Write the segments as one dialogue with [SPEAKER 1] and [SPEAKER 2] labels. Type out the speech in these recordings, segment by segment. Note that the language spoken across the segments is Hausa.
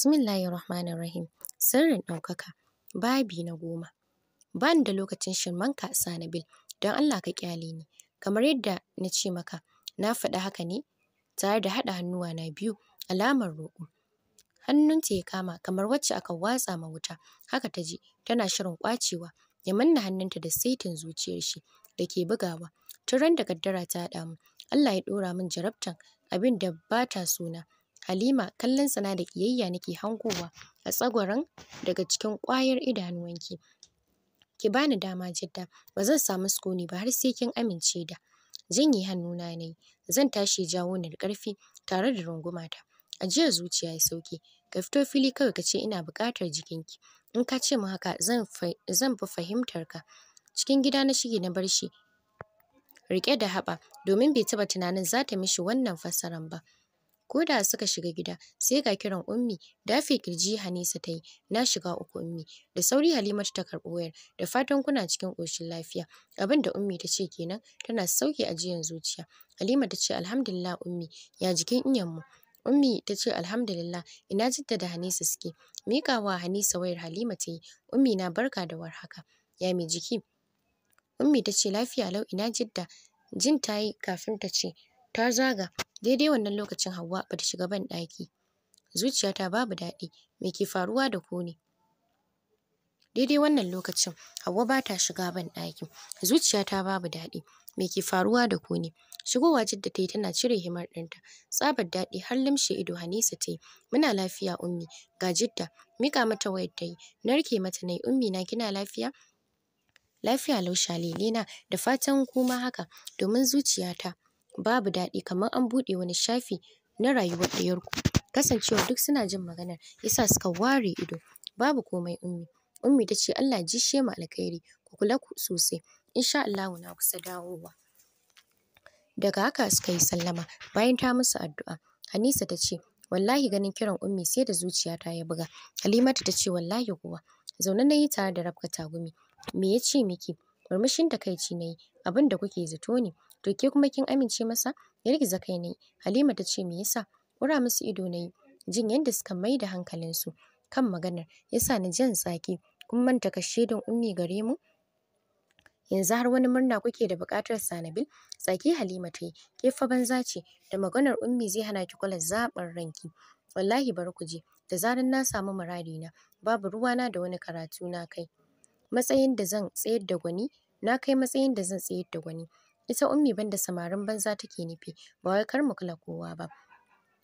[SPEAKER 1] bismillahi Rahmanir Rahim. Sirrin ɗaukaka. Babi na goma. Ba ni da lokacin shirmanka Sanabil, don Allah ka kyale ni. Kamar yadda na ce maka, na faɗi haka ne tare da haɗa hannuwa na biyu alamar roƙo. ta ya kama kamar wacce aka watsa ma wuta, haka ta je tana shirin kwacewa ya manna hannunta da saitin zuciyar shi da ke bugawa. Tun ran da gaddara ta haɗa mu, Allah ya ɗora min jarabtan abin da ba ta suna. Halima kallon sana da ƙiyayya nake hangowa a tsagwaron daga cikin ƙwayar idanuwanki. Ki bani dama Jidda, ba zan samu sukuni ba har sai kin amince da. Janye hannuna na yi, zan tashi jawo ni da ƙarfi tare da rungumata. Ajiya zuciya ya sauke, ka fito fili kawai ka ce ina buƙatar jikinki. In ka ce min haka zan fi fahimtar ka. Cikin gida na shige na bar shi riƙe da haɓa domin bai taɓa tunanin za ta mishi wannan fassaran ba. Ko da suka shiga gida sai ga kiran Ummi dafe kirji Hanisa ta yi na shiga uku Ummi da sauri Halimatu ta karɓi wayar da fatan kuna cikin koshin lafiya abin da Ummi ta ce kenan tana sauke ajiyan zuciya. Halima ta ce alhamdulillah Ummi ya jikin mu Ummi ta ce alhamdulillah ina jidda da Hanisa suke miƙawa Hanisa wayar Halima ta yi Ummi na barka da warhaka ya mai jiki. Ummi ta ce lafiya lau ina jidda jin ta yi kafin ta ce ta zaga Daidai wannan lokacin Hauwa bata shiga banɗaki. ɗaki. Zuciyata babu daɗi, me ke faruwa da ku ne? Daidai wannan lokacin Hauwa bata shiga ban Zuciyata babu daɗi, me ke faruwa da ku ne? Shigowa Jidda tayi tana cire himar ɗinta. Tsabar daɗi har limshe ido Hanisa tayi. Muna lafiya Ummi. Ga Jidda miƙa mata wayar tayi. Narke mata nayi Ummi na kina lafiya? Lafiya lau shalele na da fatan kuma haka domin zuciyata babu daɗi kamar an buɗe wani shafi na rayuwar ɗayarku. Kasancewa duk suna jin maganar yasa suka ware ido. Babu komai Ummi. Ummi ta ce Allah jishe mu alkhairi, ku kula sosai, insha Allahu na kusa dawowa. Daga haka suka yi sallama bayan ta musu addu'a. Hanisa ta ce wallahi ganin kiran Ummi sai da zuciyata ya buga. Halimatu ta ce wallahi kuwa zaune na yi tare da Rabka Tagumi. Me ya ce miki? Murmushin takaici na yi abin da kuke zato ne. to ke kuma kin amince masa ya rigiza kai ne halima ta ce me yasa kura musu ido na yi jin yadda suka mai da hankalinsu kan maganar yasa ni jan tsaki kun manta kashe don ummi gare mu yanzu har wani murna kuke da buƙatar sanabil tsaki halima ta yi ke fa banza ce da maganar ummi zai hana ki kula zaɓin ranki wallahi bar ku je da zarar na samu muradi na babu ruwa na da wani karatu na kai matsayin da zan tsayar da gwani na kai matsayin da zan tsayar da gwani ita ummi banda samarin banza take nufi ba wai kar mu kula kowa ba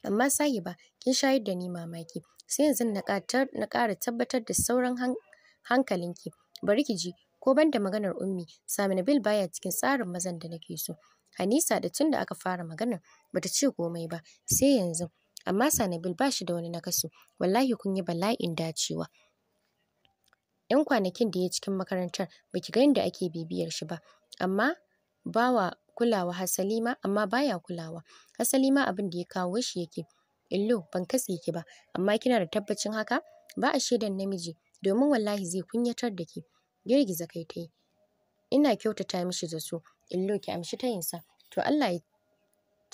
[SPEAKER 1] amma ba kin shayar da ni mamaki sai yanzu na ƙara tabbatar da sauran hankalinki bari ki ji ko banda maganar ummi Samina bil baya cikin tsarin mazan da nake so Hanisa da tun da aka fara maganar bata ce komai ba sai yanzu amma Sanabil ba shi da wani nakasu wallahi kun yi bala'in dacewa ‘yan kwanakin da ya cikin makarantar ba ki ga yadda ake bibiyar shi ba amma bawa kulawa hasali ma amma baya kulawa hasali ma abin da ya kawo shi yake illo ban katse ki ba amma kina da tabbacin haka ba a shaidan namiji domin wallahi zai kunyatar da ke. girgiza kai ta yi ina kyautata mishi da su illo ki amshi ta yinsa. to Allah ya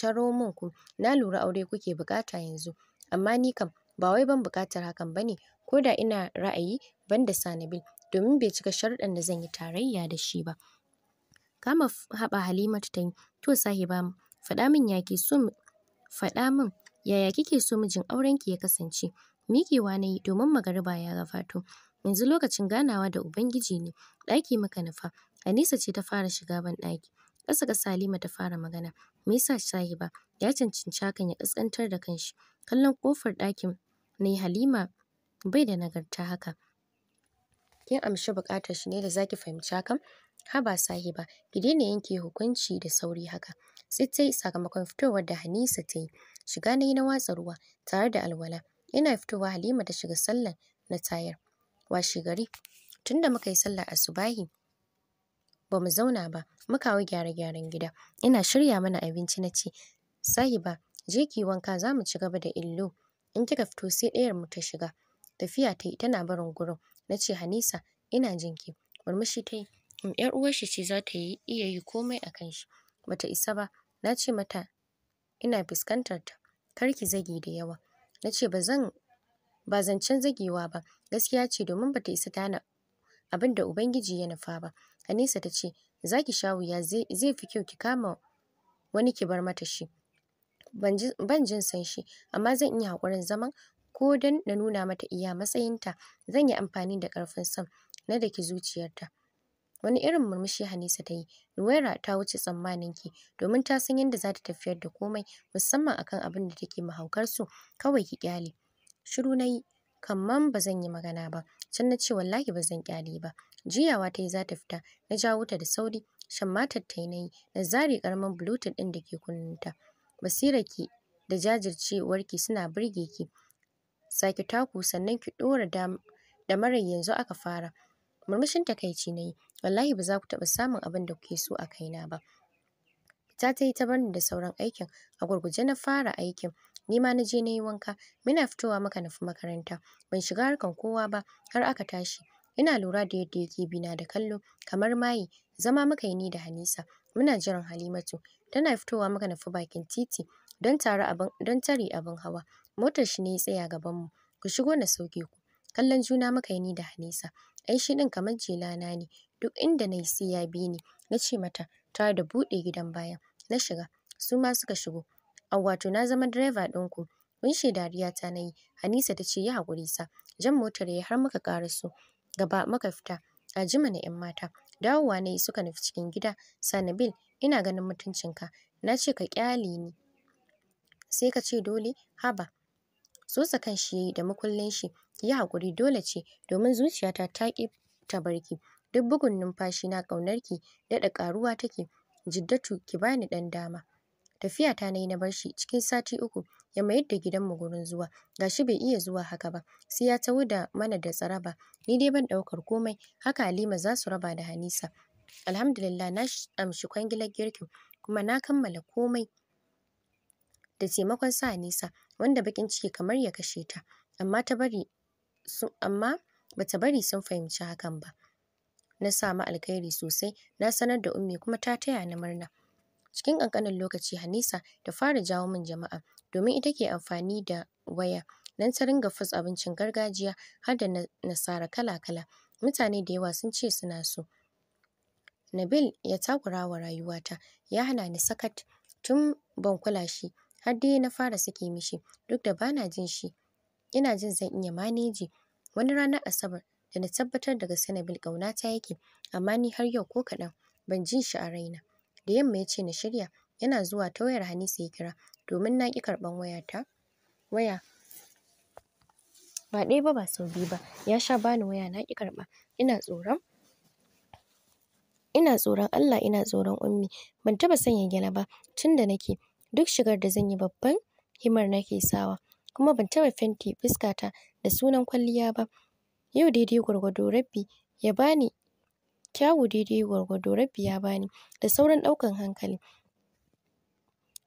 [SPEAKER 1] taro min ku na lura aure kuke bukata yanzu amma ni kam ba wai ban bukatar hakan ba ne, ko da ina ra'ayi ban da sanabil domin bai cika sharuɗan da zan yi tarayya da shi ba Kama haɓa Halima ta yi. To sahiba, faɗa min ya ke so faɗa min yaya kike so mijin aurenki ya kasance? Miƙewa na yi domin magariba ya gabato. Yanzu lokacin ganawa da Ubangiji ne. Ɗaki maka nufa. Anisa ce ta fara shiga ban ɗaki. Ƙasa ga Salima ta fara magana. Me yasa sahiba? Ya cancanci hakan ya ƙasƙantar da kanshi. Kallon ƙofar ɗakin na Halima bai da nagarta haka. kin amshi bukatar shi ne da zaki fahimci hakan haba sahiba ki daina yanke hukunci da sauri haka sai sakamakon fitowar da Hanisa ta yi shiga na yi na watsa ruwa tare da alwala ina fitowa Halima ta shiga sallan na tayar washe gari tunda muka yi sallar asubahi ba mu zauna ba muka hau gyare-gyaren gida ina shirya mana abinci na ce sahiba je ki wanka zamu mu ci gaba da illo in kika fito sai ɗayar mu ta shiga tafiya ta yi tana barin gurin na ce Hanisa ina jinki murmushi ta yi mm, yar uwar shi ce za ta yi iya yi komai a kan shi bata isa ba na ce mata ina fuskantar ta kar ki zage da yawa na ce ba zan ba zancen zagewa ba gaskiya ce domin bata isa ta abin da ubangiji ya nufa ba Hanisa ta ce za ki sha wuya zai fi kyau ki kama wani ki bar mata shi ban jin san shi amma zan iya haƙurin zaman ko don na nuna mata iya matsayinta zan yi amfani da ƙarfin son na daki zuciyarta wani irin murmushi Hanisa ta yi Nuwaira ta wuce tsammanin ki domin ta san yadda za ta tafiyar da komai musamman akan abin da take mahaukar su kawai ki kyale shiru na yi kamman ba zan yi magana ba can na ce wallahi ba zan kyale ba Jiyawa ta yi za ta fita na jawo ta da sauri shammatar ta yi na yi na zare karamin bluetooth ɗin da ke kunnunta basirar da jajircewarki suna birge ki saki taku sannan ki ɗora mara yanzu aka fara murmushin takaici na wallahi ba za ku taɓa samun abin da kuke so a kaina ba ta ta yi ta barni da sauran aikin a gurguje na fara aikin ni ma na je na yi wanka muna fitowa maka nufi makaranta ban shiga harkan kowa ba har aka tashi ina lura da yadda yake bina da kallo kamar maye zama muka yi ni da Hanisa muna jiran Halimatu tana fitowa muka nufi bakin titi don tare abin don tare abin hawa motar shi ne ya tsaya gaban mu ku shigo na sauke ku kallon juna muka yi ni da Hanisa ai shi din kamar jelana ne duk inda na sai ya bi ni na ce mata tare da buɗe gidan baya. na shiga su ma suka shigo a wato na zama direba ɗinku mun she dariya ta na Hanisa ta ce yi haƙuri sa jan motar ya har muka su. gaba muka fita a jima na 'yan mata dawowa na yi suka nufi cikin gida sanabil ina ganin mutuncinka na ce ka kyali ni sai ka ce dole haba Tsotsa kan shi yayi da makullin shi. Ki yi haƙuri dole ce domin zuciyata ta ƙi ta barki. Duk bugun numfashi na ƙaunar ki daɗa ƙaruwa take. Jiddatu ki bani ɗan dama. Tafiya ta nayi na bar cikin sati uku ya mayar da gidan mu gurin zuwa. Gashi bai iya zuwa haka ba. Sai ya taho da mana da tsaraba. Ni dai ban ɗaukar komai. Haka Halima za su raba da Hanisa. Alhamdulillah na amshi kwangilar girkin kuma na kammala komai. da taimakon sa nisa wanda bakin ciki kamar ya kashe ta amma ta bari su amma bata bari sun fahimci hakan ba na samu alkhairi sosai na sanar da ummi kuma ta taya ni murna cikin kankanin lokaci Hanisa ta fara jawo min jama'a domin ita ke amfani da waya nan ta ringa fus abincin gargajiya har da nasara kala-kala mutane da yawa sun ce suna so Nabil ya takura wa rayuwata ya hana ni sakat tun ban kula shi har dai na fara sake mishi duk da bana jin shi ina jin zan iya maneji wani ranar asabar da na tabbatar daga sanabil ta yake amma ni har yau ko kaɗan ban jin shi a raina da yamma ya ce na shirya yana zuwa ta wayar Hanisa ya kira domin na ƙi karɓan wayata waya ba ɗaya ba ba sau biyu ba ya sha bani waya na ƙi karɓa ina tsoron ina tsoron Allah ina tsoron ummi ban taɓa sanya gyale ba tun da nake duk shigar da zan yi babban himar nake sawa kuma ban taɓa fenti fuskata da sunan kwalliya ba yau daidai gwargwado rabbi ya bani kyawu daidai gwargwado rabbi ya bani da sauran ɗaukan hankali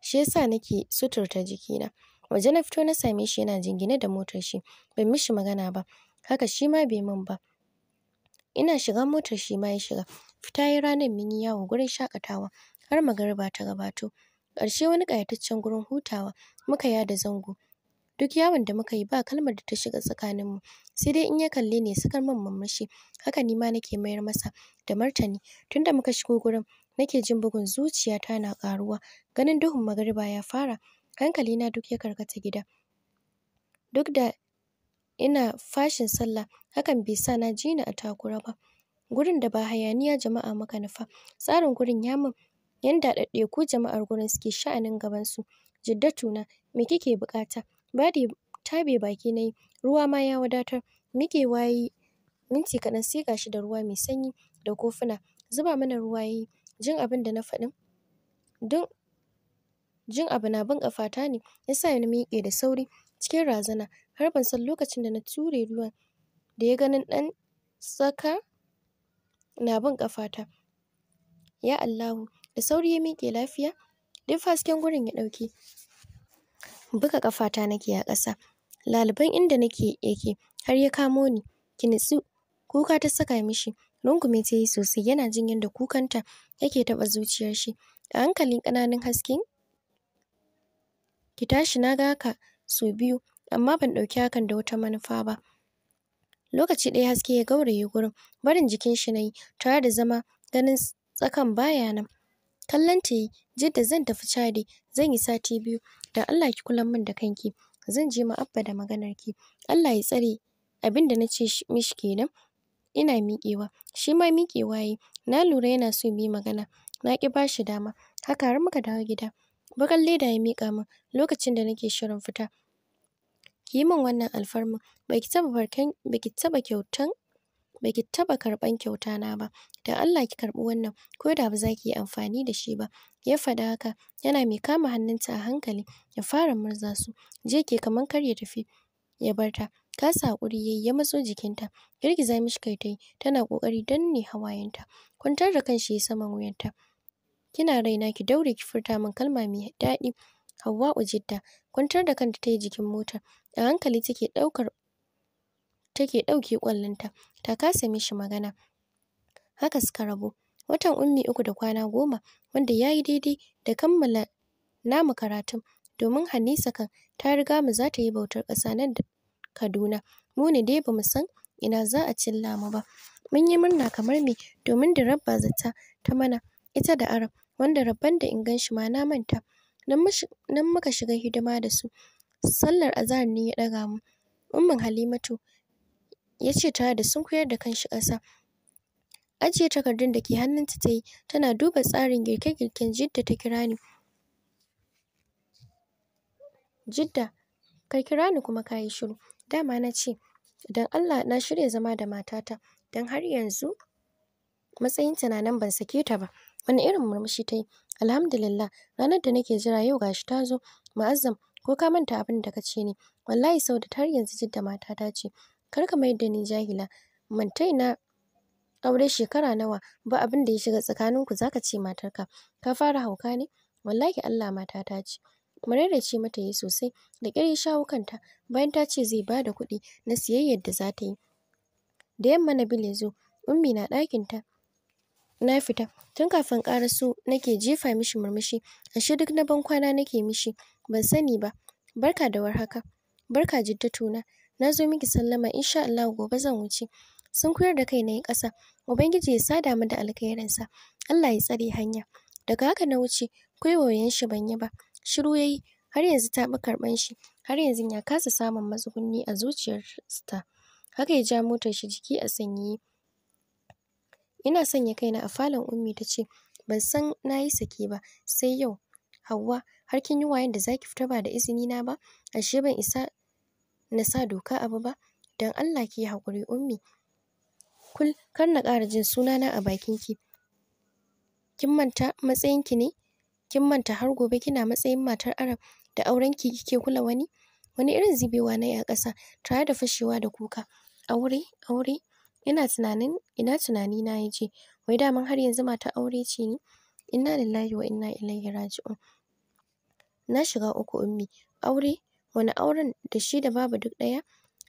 [SPEAKER 1] shi yasa nake suturta jikina waje na fito na same shi yana jingine da motar shi ban mishi magana ba haka shi ma bai min ba ina shiga motar shi ma ya shiga fita ya ranar mun yi yawo gurin shakatawa har magariba ta gabato ƙarshe wani ƙayataccen gurin hutawa muka yada zango duk yawon da muka yi ba kalmar da ta shiga tsakaninmu sai dai in ya kalle ne sakar man murmushi haka ni ma nake mayar masa da martani tunda muka shigo gurin nake jin bugun zuciya ta na ƙaruwa ganin duhun magariba ya fara hankali na duk ya karkata gida duk da ina fashin sallah hakan bai sa na ji ni a takura ba gurin da ba hayaniya jama'a muka nufa tsarin gurin ya min Yan yanda ko jama'ar gurin suke sha'anin gabansu. Jiddatu na, me kike buƙata? Bade tabe baki na yi, ruwa ma ya wadatar. Mike wayi yi, minti kaɗan sai ga shi da ruwa mai sanyi da kofuna. Zuba mana ruwa ya yi, jin abin da na faɗin, don jin abu na bin ƙafata ne, ya sa ni miƙe da sauri cikin razana, har ban san lokacin da na ture ruwan da ya ganin ɗan tsaka na bin ƙafata. Ya Allahu, da sauri ya miƙe lafiya duk hasken gurin ya ɗauke buga ƙafata nake a ƙasa laliban inda nake yake har ya kamo ni ki nitsu kuka ta saka mishi rungume ta yi sosai yana jin yadda kukanta yake taɓa zuciyar shi a hankalin ƙananun hasken ki tashi na ga ka sau biyu amma ban ɗauki hakan da wata manufa ba lokaci ɗaya haske ya gauraye gurin barin jikin shi na yi tare da zama ganin tsakan baya nan Kallon ta yi, jidda zan tafi Chadi, zan yi sati biyu, don Allah ki kula min da kanki, zan je ma Abba da ki Allah ya tsare abin da na ce mishi kenan. Ina miƙewa, shi ma miƙewa yi, na lura yana so mu magana, na ƙi ba shi dama, haka har muka dawo gida. bakan leda ya mika min lokacin da nake shirin fita. Ki yi min wannan alfarmin, ba ki taɓa kyautan baki taɓa karɓan kyauta na ba don Allah ki karɓi wannan ko da ba za ki yi amfani da shi ba ya faɗa haka yana mai kama hannunta a hankali ya fara murza su je ke kamar kar ya tafi ya barta. ta kasa ya yayi ya matso jikinta girgiza mishi kai ta yi. tana kokari danne hawayenta kwantar da kanshi saman wuyanta kina raina ki daure ki furta min kalma mai daɗi Hauwa Ujidda kwantar da kanta tayi jikin mota. a hankali take ɗaukar take ɗauke ƙwallonta ta kasa mishi magana haka suka rabu watan ummi uku da kwana goma wanda ya yi daidai da kammala namu karatu domin hannisa kan ta riga mu za ta yi bautar ƙasa nan da Kaduna mu ne dai ba mu san ina za a cilla mu ba mun yi murna kamar me domin da rabba zata ta mana ita da Arab wanda rabban da in gan shi ma na manta nan muka shiga hidima da su sallar azahar ne ya daga mu ummin Halimatu ya ce tare da sunkuyar da kanshi ƙasa. Ajiye takardun da ke hannunta ta yi, tana duba tsarin girke-girken Jidda ta kira ni. Jidda, ka kira ni kuma ka yi shiru. Dama na ce, don Allah na shirya zama da matata, don har yanzu matsayinta na nan ban sake ta ba. Wani irin murmushi ta yi, Alhamdulillah, ranar da nake jira yau ga shi ta zo, ma'azzam, ko ka manta abin da ka ce ne, wallahi sau da har yanzu Jidda matata ce. kar ka mayar da ni jahila mantai na aure shekara nawa ba abin da ya shiga tsakanin ku zaka ce matarka ka fara hauka ne wallahi Allah mata ta ce Murera ce mata yi sosai da kiri shawo kanta bayan ta ce zai bada kuɗi na siyayyar da za ta yi da yamma na ya zo ummi na ɗakinta na fita tun kafin ƙaraso nake jefa mishi murmushi ashe duk na ban kwana nake mishi ban sani ba barka da warhaka barka jiddatuna na zo miki sallama insha Allah gobe zan wuce sun koyar da kai na yi ƙasa ubangiji ya sada mu da sa. Allah ya tsare hanya daga haka na wuce koyoyen shi ban yi ba shiru yayi har yanzu ta bi karban shi har yanzu ya kasa samun matsuguni a zuciyar zuciyarsa haka ya ja motar shi jiki a sanyi ina sanya kaina a falon ummi ta ce ban san na yi sake ba sai yau Hauwa har kin yi wayan da zaki fita ba da izini na ba ashe ban isa na sa doka abu ba don Allah ki yi haƙuri ummi kul kar na ƙara jin sunana a bakin ki kin manta matsayin ki ne kin manta har gobe kina matsayin matar Arab da auren ki kike kula wani wani irin zibewa na a ƙasa tare da fashewa da kuka aure aure ina tunanin ina tunani na yaje wai daman har yanzu mata aure ce ni inna lillahi wa inna ilaihi raji'un na shiga uku ummi aure wani auren da shi da babu duk ɗaya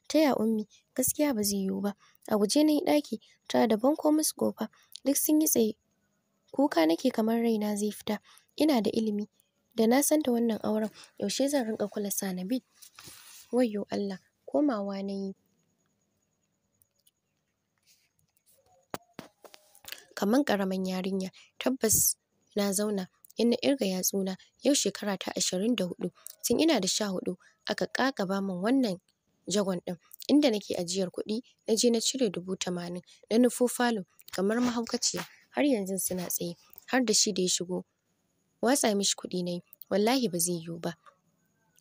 [SPEAKER 1] taya ummi gaskiya ba zai yiwu ba a guje na yi ɗaki ta da banko musu kofa duk sun yi tsaye kuka nake kamar raina zai fita ina da ilimi da na san da wannan auren yaushe zan rinka kula sanabi wayyo Allah komawa na yi kamar ƙaramin yarinya tabbas na zauna in na irga yatsuna yau shekara ta ashirin da hudu tun ina da sha hudu aka ƙaƙaba min wannan jagon ɗin inda nake ajiyar kuɗi na je na cire dubu tamanin na nufo falo kamar mahaukaciya har yanzu suna tsaye har da shi da ya shigo watsa mishi kuɗi na yi wallahi ba zai yiwu ba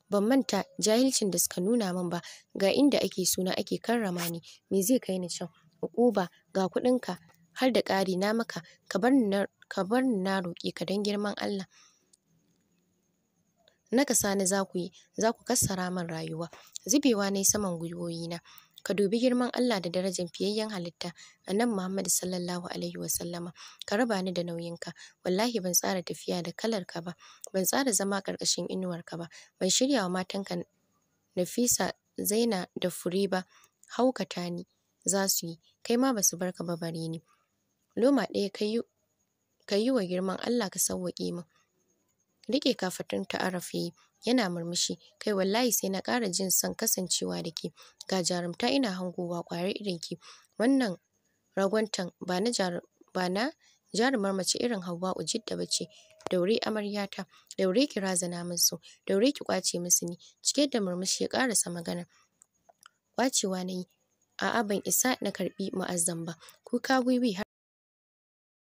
[SPEAKER 1] ban manta jahilcin da suka nuna min ba ga inda ake suna ake karrama ni me zai kai ni can uba ga kuɗinka har da ƙari na maka ka bar ni na roƙe ka don girman Allah na sani za ku yi za ku kassara min rayuwa zubewa ne saman gwiwoyina ka dubi girman Allah da darajar fiyayyen halitta nan nan sallallahu alaihi wasallama ka raba ni da nauyinka wallahi ban tsara tafiya da kalar ka ba ban tsara zama ƙarƙashin inuwarka ba ban shirya wa matanka Nafisa Zaina da Fure ba haukata ni za su yi kai ma ba su barka ba bare ni loma ɗaya ka yi wa girman Allah ka sauwaƙe min riƙe kafatun ta yayi yana murmushi kai wallahi sai na ƙara jin son kasancewa da ke ga jarumta ina hangowa ƙwari irin ki wannan ragwantan ba na jarumar mace irin ujid da bace daure amaryata daure ki razana min daure ki kwace musu ni cike da murmushi ya karasa magana kwacewa nayi a'a ban isa na karɓi mu'azzam ba kuka gwiwi